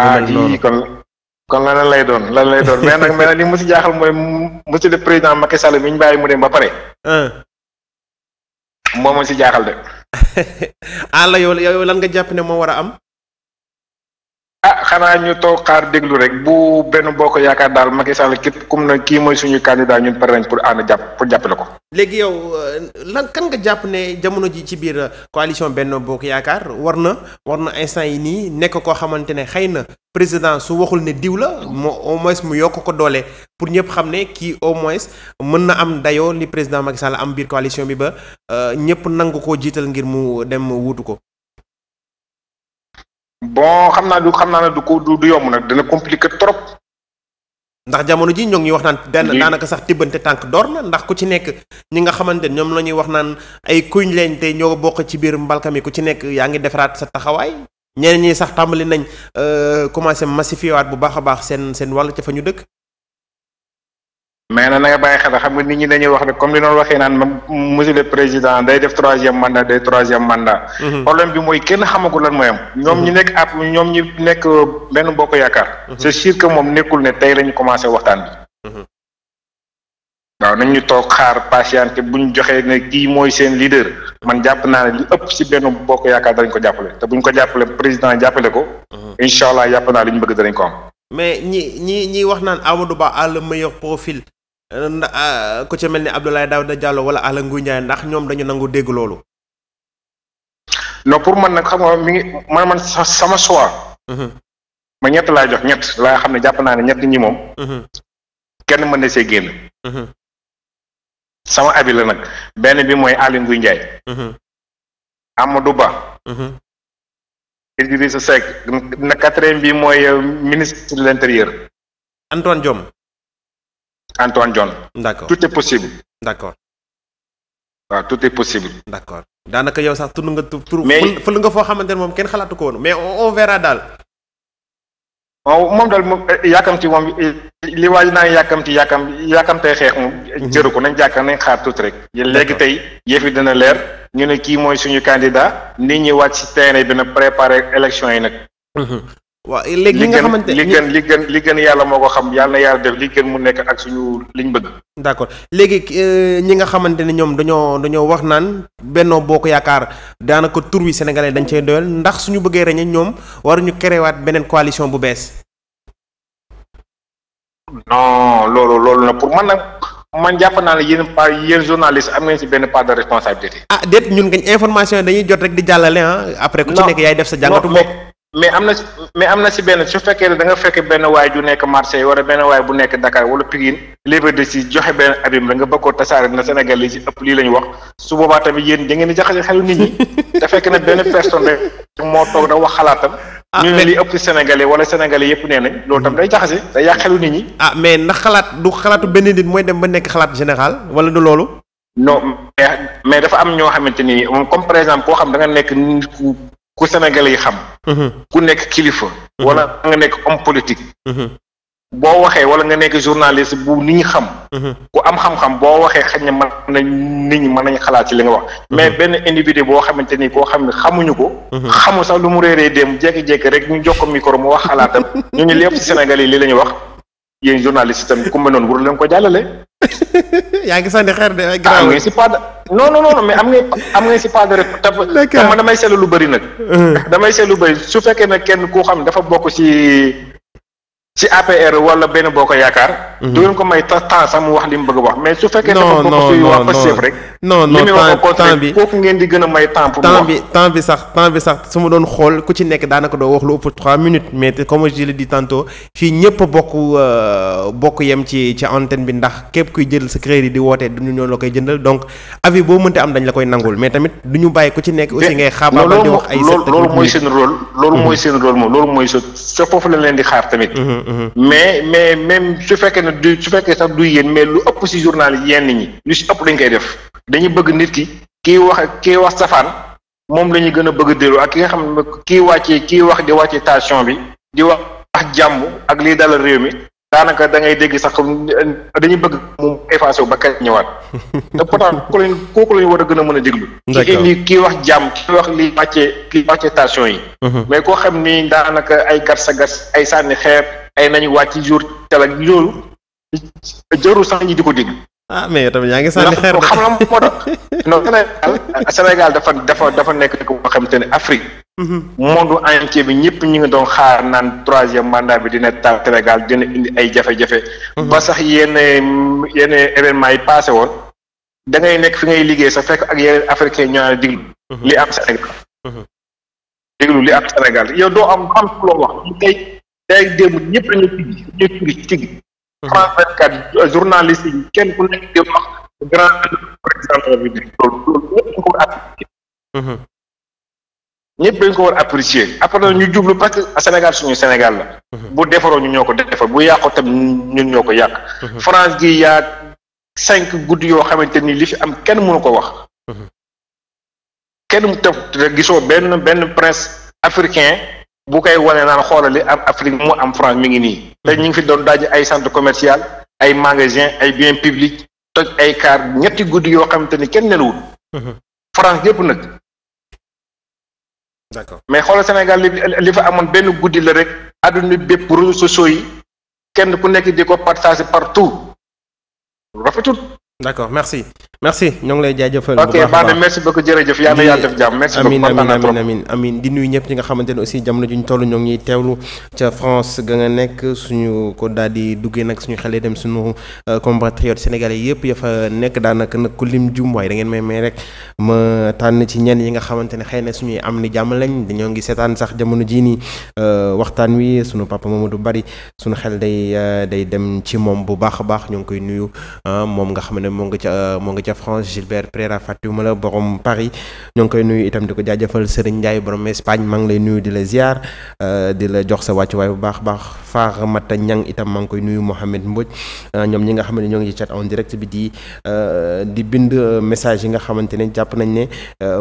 ah kii kon kon lan lay doon lan lay doon mais nag mais nag li mu si jaaxal mooy monsieur le président Macky Sall mi ñu bàyyi mu dem ba pare. moom moo si jaaxal de. àll ah, yow yow lan nga jàpp ne moo war a am. ah xanaa ñu toog xaar déglu rek bu benn boo ko yaakaar daal Macky Sall képp kum na kii mooy suñu candidat ñun pare nañ pour ànd jàpp pour jàppale ko. léegi yow euh, lan kan nga jàpp ne jamono ji ci biir euh, coalition Benno Bokk Yaakaar war na war na instant yi nii nekk koo xamante ne xëy na président su waxul ne diw la moo au moins mu yokk ko doole pour ñëpp xam ne kii au moins mën na am dayoo li président Macky Sall am biir coalition bi ba euh, ñëpp nangu koo jiital ngir mu dem wuutu ko. bon xam naa du xam naa ne du ko du yomb nag dana compliqué trop. ndax jamono ji ñoo ngi wax naan benn daanaka sax tibbante tànk door na ndax ku ci nekk ñi nga xamante ne ñoom la ñuy wax naan ay kuñ leen te ñoo bokk ci biir mbalka mi ku ci nekk yaa ngi defaraat sa taxawaay ñeneen ñi sax tàmbali nañ euh, commencé massifier waat bu baax a baax seen seen wàll ca fa ñu dëkk mais nag na nga bàyyi xel xam nga nit ñi dañuy wax rek comme li noonu waxee naan monsieur le président day def troisième mandat day troisième mandat. Mhm. problème bi mooy kenn xamagu lan mooy ñoom ñi mhm. nekk ab ñoom ñi nekk euh, benn mbokk yaakaar. Mhm. c'est sûr que moom nekkul ne tey la ñu commencé waxtaan bi. waaw nañ ñu toog xaar patiente bu ñu joxee ne kii mooy seen leader man jàpp naa ne li ëpp si benn mbokk yaakaar danañ ko jàppale te buñ ko jàppale président jàppale ko. incha allah jàpp naa li ñu bëgg danañ ko mais ñi ñi ñi wax naan Amadou Ba a le meilleur Ah, ku ci mel ni daaw da Diallo wala Aly Ngouille Ndiaye ndax ñoom dañu nangu dégg loolu. non pour man nag xam nga mi ngi man man sama choix. Mhm. ma ñett laa jox ñett laa xam ne jàpp naa ne ñett ñi moom. Mhm. kenn mën na see génn. Mhm. sama abi nag benn bi mooy Aly Ngouille Ndiaye. Amadou Ba. Idrissa Seck na quatrième bi mooy euh, ministre de l'intérieur. Antoine Diome. Antoine John. d'accord tout est possible. d'accord. waaw tout est possible. d'accord daanaka yow sax tund nga. tur mais fël nga foo xamante ne moom kenn xalaatu ko woon mais on verra daal. waaw moom daal moom eh, yàkkamti moom eh, li waaj naa yàkkamti yàkkam yàkkamtee xeex moom. Mhm. jëru ko nañ jàkkaar nañ xaar tuuti rek. léegi tey yëf yi dina leer ñu ne kii mooy suñu candidat nit ñi wàcc ci terrain bi na préparer élection yi nag. Mhm. waaw eh, léegi ñi nga xamante li gën li gën li gën yàlla moo ko xam yàlla na yàlla def li gën mu nekk ak suñu liñ bëgg. d'accord léegi eh, ñi nga xamante ne ñoom dañoo dañoo wax naan Benno Bokk Yaakaar daanaka tur wi sénégalais dañ cey doyal ndax suñu bëggee reñe ñoom ñu kerewaat beneen coalition bu bees. non loolu loolu nag pour man nag man jàpp naa ne yéen pa yéen journaliste am ngeen ci benn part de responsabilité. ah déet ñun ngañ information dañuy jot rek di jàllale ah. après ku yaay def sa jàngatu bopp mais am na mais am na si benn su fekkee ne da nga fekk benn waay ju nekk Marseille wala benn waay bu nekk Dakar wala Pikine livre de si joxe benn abim da nga bëgg koo tasaare na Sénégal li si ëpp lii la ñu wax su boobaa tamit yéen da ngeen di jaxase xelu nit ñi te fekk na benn personne rek moo toog da wax xalaatam. Ah, ñu ne li ëpp Sénégalais wala Sénégalais yëpp nee nañ loolu tam day jaxase day yàq xelu nit ñi. ah mais ndax xalaat du xalaatu benn nit mooy dem ba nekk xalaat général wala loolu. non mais dafa am ñoo xamante ni comme par exemple koo xam da nga nekk ku Sénégalais yi xam. Mhm. ku nekk kilifa. Mhm. wala nga nekk homme politique. Mhm. boo waxee wala nga nekk journaliste bu nit ñi xam. ku am xam-xam boo waxee xëy na man nañ nit ñi mën nañ xalaat ci li nga wax. mais benn individu boo xamante ni koo xam ne xamuñu ko. xamul sax lu mu réeree dem jékki-jékki rek ñu jox ko micro mu wax xalaatam ñooñu lépp Sénégal yi li la ñuy wax yéen journaliste itam ku mel noonu warul leen ko jàllale. yaa ngi sànni xeer de ay ah, garaaw. am nga si pas de non non non mais am nga am nga si pas de rek. d'accord man damay seetlu lu bari nag. Euh. damay seetlu lu bëri su fekkee ne kenn ku xam dafa bokk si. ci APR wala benn boo ko yaakaar. Mhm. du leen ko may temps sax mu wax li mu bëgg a wax mais su fekkee. non non non rek. non non temps ngeen di gën a may temps pour. temps bi temps sax su ma doon xool ku ci nekk daanaka doo wax lu ëpp trois minutes mais comme je l'ai ñëpp bokk euh, bokk yem ci ci antenne bi ndax képp kuy jël sa crédit di wootee du ñu ñoom la koy jëndal donc avis tamit du ñu bàyyi ku nekk. aussi ngay xaabaabal di wax ay. secteurs loolu loolu mooy seen rôle. loolu mhm. foofu leen di xaar tamit. Mhm. Mhm. mais mais même su fekkee ne du su fekkee sax du yéen mais lu ëpp ci journal yenn ñi lu ci ëpp dañ koy def dañu bëgg nit ki kii wax kii wax safaan moom la ñu gën a bëgg a ak ki nga xam ne kii wàccee kii wax di wàcce tension bi di wax wax jàmm ak lii dal réew mi daanaka da ngay dégg sax dañu bëgg mu effacé wu ba kañ ñëwaat te pourtant kooku lañ kooku war a gën a mën a déglu. kii kii wax jàmm kii wax lii wàccee kii wàccee tension yi. Mhm. mais koo xam ni daanaka ay gat sa gas ay sànni xeer ay nañu wàcc jour tel ak loolu sax ñi di ko dégg. ah mais tamit yaa ngi sànni xeer de xam nga moo tax non Sénégal dafa dafa dafa nekk koo xamante ne Afrique. Mhm. monde entier bi ñëpp ñu ngi doon xaar naan troisième mandat bi dina taal Sénégal dina indi ay jafe-jafe. Mhm. ba sax yenn yenn événement yi passé woon da ngay nekk fi ngay liggéey sa fekk ak yeneen africain ñoo naan diglu. Mhm. li am Sénégal. diglu li am Sénégal yow doo am am loo wax day démb ñëpp ñu mhm. kenn ku dañ ko war apprécier mhm. ñëpp ñu juble parce que Sénégal suñu Sénégal la mhm. bu defaroo ñu ñoo ko defar bu yàqoo tam ñun ñoo ko yàq France gi yaa cinq guddi yoo xamante ni li fi am kenn mënu ko wax kenn mu taf gisoo benn benn prince africain bu koy wane naan xoolal am Afrique mu am France mi ngi nii. te ñu ngi fi doon daaj ay centre commercial ay magasin ay bien public toj ay kaar ñetti guddi yoo xamante ni kenn nen nelawul. Mhm. France yëpp nag. d'accord mais xoolal Sénégal li fa amoon benn guddi la rek àdduna bépp réseaux sociaux yi kenn ku nekk di ko partager partout rafetul. d'accord merci. merci ñoo ngi lay jaajëfal. bu baax a baax ok merci beaucoup jërëjëf yàlla yàlla def jàmm. merci beaucoup kontaan amin amin amin di nuyu ñëpp ñi nga xamante ne aussi jamono juñ toll ñoo ngi ñuy teewlu ca France ga nekk suñu ko daal di duggee nag suñu xale dem suñu euh, compatriotes sénégalais yëpp ya nekk daanaka nag ku lim jum waaye ngeen may may rek ma tànn ci ñenn yi nga xamante ne xëy na suñuy am ni jàmm lañ dañoo ngi seetaan sax jamono jii nii euh, waxtaan wi sunu suñu papa du Bari suñu xel day euh, day dem ci moom bu baax a baax ñoo ngi koy nuyu moom nga xam ne moo nga ca moo nga ca ca France Gilbert Pereira fàttewuma la borom Paris ñoo ngi koy nuyu itam di ko jaajëfal Serigne Ndiaye borom Espagne maa ngi lay nuyu di la ziar euh, di la jox sa wàccuwaay bu baax baax Faaramata Ñang itam maa ngi koy nuyu Mohamed Mbodj euh, ñoom ñi nga xam ne ñoo ngi ci chat en direct bi di euh, di bind euh, message yi nga xamante ne jàpp nañ ne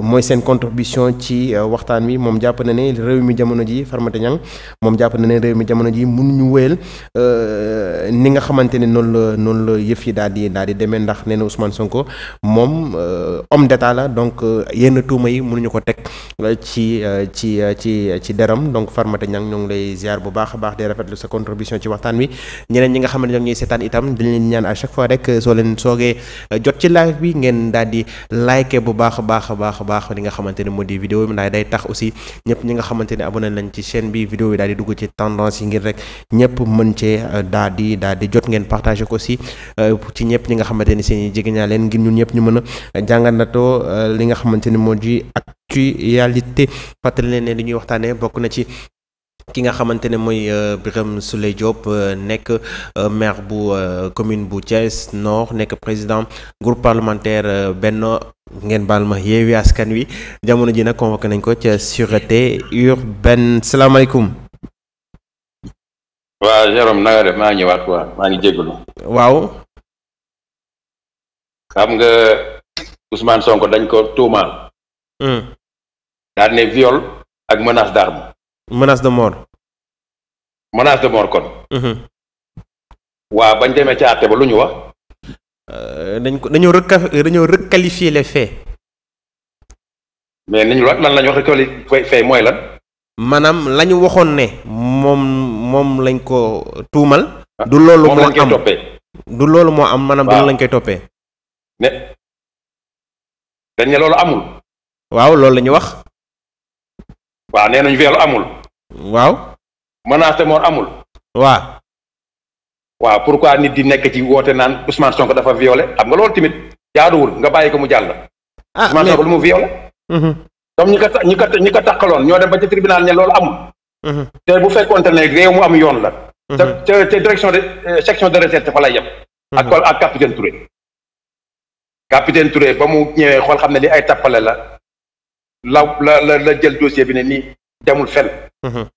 mooy seen contribution ci waxtaan wi moom jàpp na ne réew mi jamono ji Faaramata Ñang moom jàpp na ne réew mi jamono ji mënuñu wéyal ni nga xamante ne noonu la noonu la yëf yi daal di daal di demee ndax nee na Ousmane Sonko moom homme d'état la donc yenn tuuma yi mënuñu ko teg ci ci ci ci deram donc Faaramata Ñang ñoo ngi lay ziar bu baax a baax di rafetlu sa contribution ci waxtaan bi ñeneen ñi nga xamante ne ñoom ñuy seetaan itam dañ leen ñaan à chaque fois rek euh, soo leen soogee euh, jot ci live bi ngeen daal di like bu baax a baax a baax a baax li nga xamante ne moo di vidéo bi day tax aussi ñëpp ñi nga xamante ne abonné lañ ci chaîne bi vidéo bi daal di dugg ci tendance yi ngir rek ñëpp mën cee euh, daal di daal di jot ngeen partagé ko aussi ci ñëpp ñi nga xamante ni seen i jege ñaa leen ngir ñun ñëpp ñu mën a jàngandatoo li nga xamante ni moo di actualité fàttali leen ne li ñuy waxtaanee bokk na ci ki nga xamante ne mooy euh, Birame sule Diop euh, nekk euh, maire bu commune bu Thiès Nord nekk président groupe parlementaire Benno ngeen baal ma Yewwi Askan Wi jamono ji nag convoqué nañ ko ca sûreté urbaine salaamaaleykum. waaw Jérôme na nga def maa ngi ñëwaat quoi maa ngi jégalu. waaw. xam nga Ousmane Sonko dañ ko tuumaal. Hmm. daal ne viol ak menace d'arme menace de mort. menace de mort kon. Mhm. waaw bañ demee ca àtte ba lu ñu wax. Euh, dañ ko dañoo reca dañoo requalifier les faits. mais niñ lan la ñu wax requalifier mooy lan. maanaam la ñu waxoon ne moom moom lañ ko tuumal. du loolu moo am du loolu moo am maanaam du lañ koy toppee. ne dañ ne loolu amul. waaw loolu la ñu wax. waaw nee nañ viol amul. waaw. menace de mort amul. waa waaw pourquoi nit di nekk ci woote naan Ousmane Sonko dafa violé xam nga loolu tamit jaaduwul nga bàyyi ko mu jàll. ah Ousmane Sonko lu mu violé. Mhm. comme ñi ko ñi ko ñi ko taxaloon ñoo dem ba ci tribunal ne loolu amul. Mhm. te bu fekkoonte ne réew mu am yoon la. te mhm. te direction de euh, section de recherche fa lay yem. ak ak capitaine Touré. capitaine Touré ba mu ñëwee xool xam ne li ay tappale la la la la jël dossier bi ne nii jamul fen Mhm.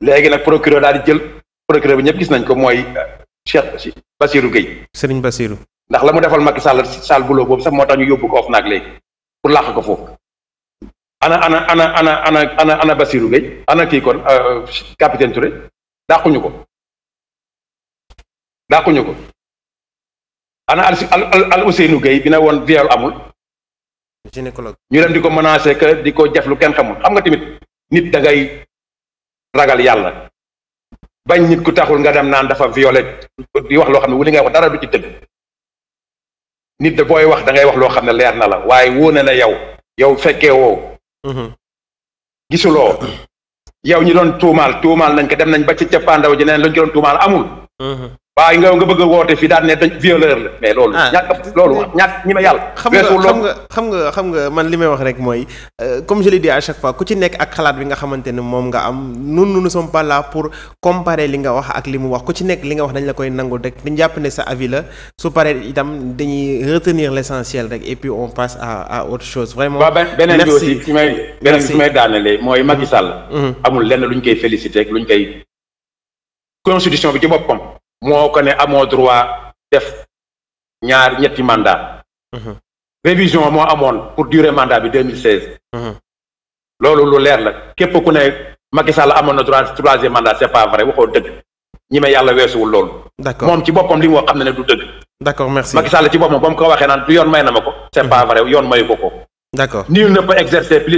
léegi nag procureur daal di jël procureur bi ñëpp gis nañ ko mooy euh, Cheikh Basirou Gueye. Serigne Basirou. ndax la mu defool Macky Sall Sall buloo boobu sax moo tax ñu yóbbu of naag léegi pour làq ko foofu ana ana ana ana ana ana ana Basirou Gueye ana kii kon euh, capitaine Touré dàquñu ko dàquñu ko ana al al al Ousseynou Gueye bi ne woon viol amul. gynécologue ñu dem di ko menacer que di ko jëf lu kenn xamul xam nga tamit nit da ragal yàlla bañ nit ku taxul nga dem naan dafa violé di wax loo xam ne li ngay dara du ci dëgg nit da booy wax da ngay wax loo xam ne leer na la waaye wóo na ne yow yow fekkee woo mhm. gisuloo yow ñi doon tuumaal tuumaal nañ ko dem nañ ba ci cappaandaw ji neen lañ ko doon tuumaal amul mhm. waaw nga nga bëgg a woote fii daal ne dañ violeur la mais loolu. Ah. ñàkk loolu ñàkk ñi ma yàlla. xam nga xam nga xam nga man li may wax rek mooy euh, comme je l'ai dit à chaque fois ku ci nekk ak xalaat bi nga xamante ne moom nga am nun nous ne sommes pas pour comparer li nga wax ak li mu wax ku ci nekk li nga wax dañ la koy nangul rek dañ jàpp ne sa avila la su paree itam dañuy retenir l'essentiel rek et puis on passe à à autre chose. vraiment merci beneen bi may beneen bi may daanelee mooy Macky mm-hmm. Sall. Mm-hmm. amul lenn lu ñu koy féliciter ak lu ñu koy constitution bi ci boppam. moo ko ne amoo droit def ñaar ñetti mandat mhm. révision moo amoon pour durée mandat bi deux mille mhm. loolu lu leer la képp ku ne Macky Sall amoon na droit troisième mandat c'est pas vrai waxoo dëgg ñi may yàlla weesuwul loolu moom ci boppam li mu wax xam na ne du dëgg d'accord merci Macky Sall ci boppam ba mu ko waxee naan du yoon may na ma ko c'est pas mhm. vrai yoon mayu ko ko